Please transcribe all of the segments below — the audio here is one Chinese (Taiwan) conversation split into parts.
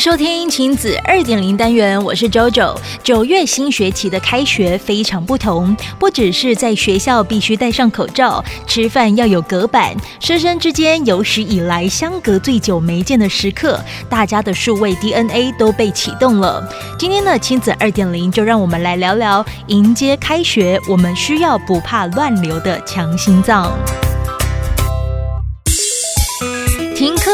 收聽親子二點零單元，我是 JoJo。九月新學期的開學非常不同，不只是在學校必須戴上口罩、吃飯要有隔板，師生之間有史以來相隔最久沒見的時刻，大家的數位 DNA 都被啟動了。今天的親子二點零，就讓我們來聊聊迎接開學，我們需要不怕亂流的強心臟。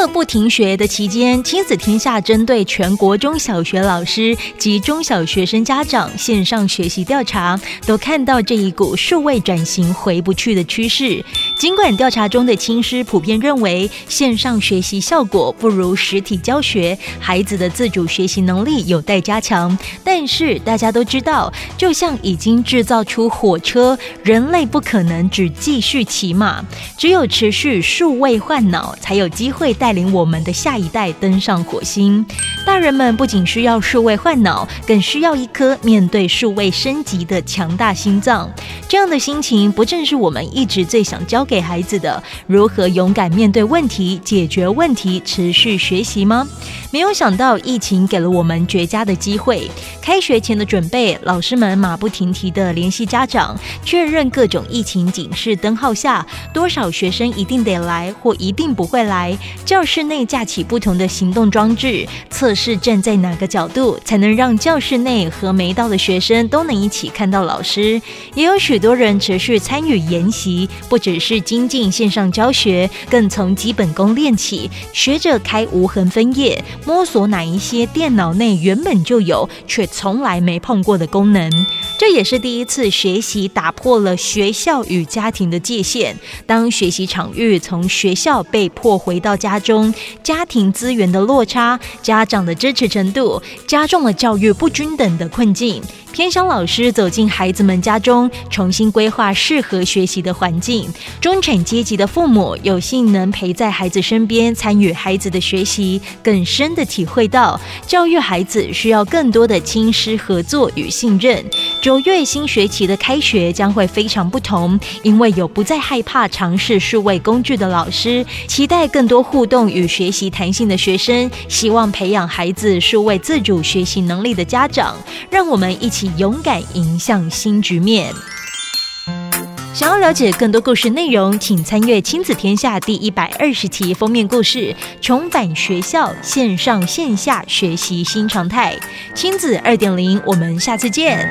不停學的期間，親子天下針對全國中小學老師及中小學生家長線上學習調查，都看到這一股數位轉型回不去的趨勢。儘管調查中的親師普遍認為線上學習效果不如實體教學，孩子的自主學習能力有待加強，但是大家都知道，就像已經製造出火車，人類不可能只繼續騎馬，只有持續數位換腦，才有機會帶來。領我們的下一代登上火星。大人們不僅需要數位換腦，更需要一顆面對數位升級的強大心臟。這樣的心情，不正是我們一直最想教給孩子的：如何勇敢面對問題、解決問題、持續學習嗎？沒有想到，疫情給了我們絕佳的機會。開學前的準備，老師們馬不停蹄地聯繫家長，確認各種疫情警示燈號下多少學生一定得來或一定不會來。教室內架起不同的行動裝置測。是站在哪個角度，才能讓教室內和沒到的學生都能一起看到老師？也有許多人持續參與研習，不只是精進線上教學，更從基本功練起，學着開無痕分頁，摸索哪一些電腦內原本就有卻從來沒碰過的功能。這也是第一次學習打破了學校與家庭的界限，當學習場域從學校被迫回到家中，家庭資源的落差，家長。的支持程度，加重了教育不均等的困境。天香老師走進孩子們家中，重新規劃適合學習的環境。中產階級的父母有幸能陪在孩子身邊，參與孩子的學習，更深的體會到教育孩子需要更多的親師合作與信任。九月新學期的開學將會非常不同，因為有不再害怕嘗試數位工具的老師，期待更多互動與學習彈性的學生，希望培養孩子數位自主學習能力的家長，讓我們一起。勇敢迎向新局面。想要了解更多故事內容，請參閱《親子天下》第一百二十期封面故事《重返學校：線上線下學習新常態》。親子二點零，我們下次見。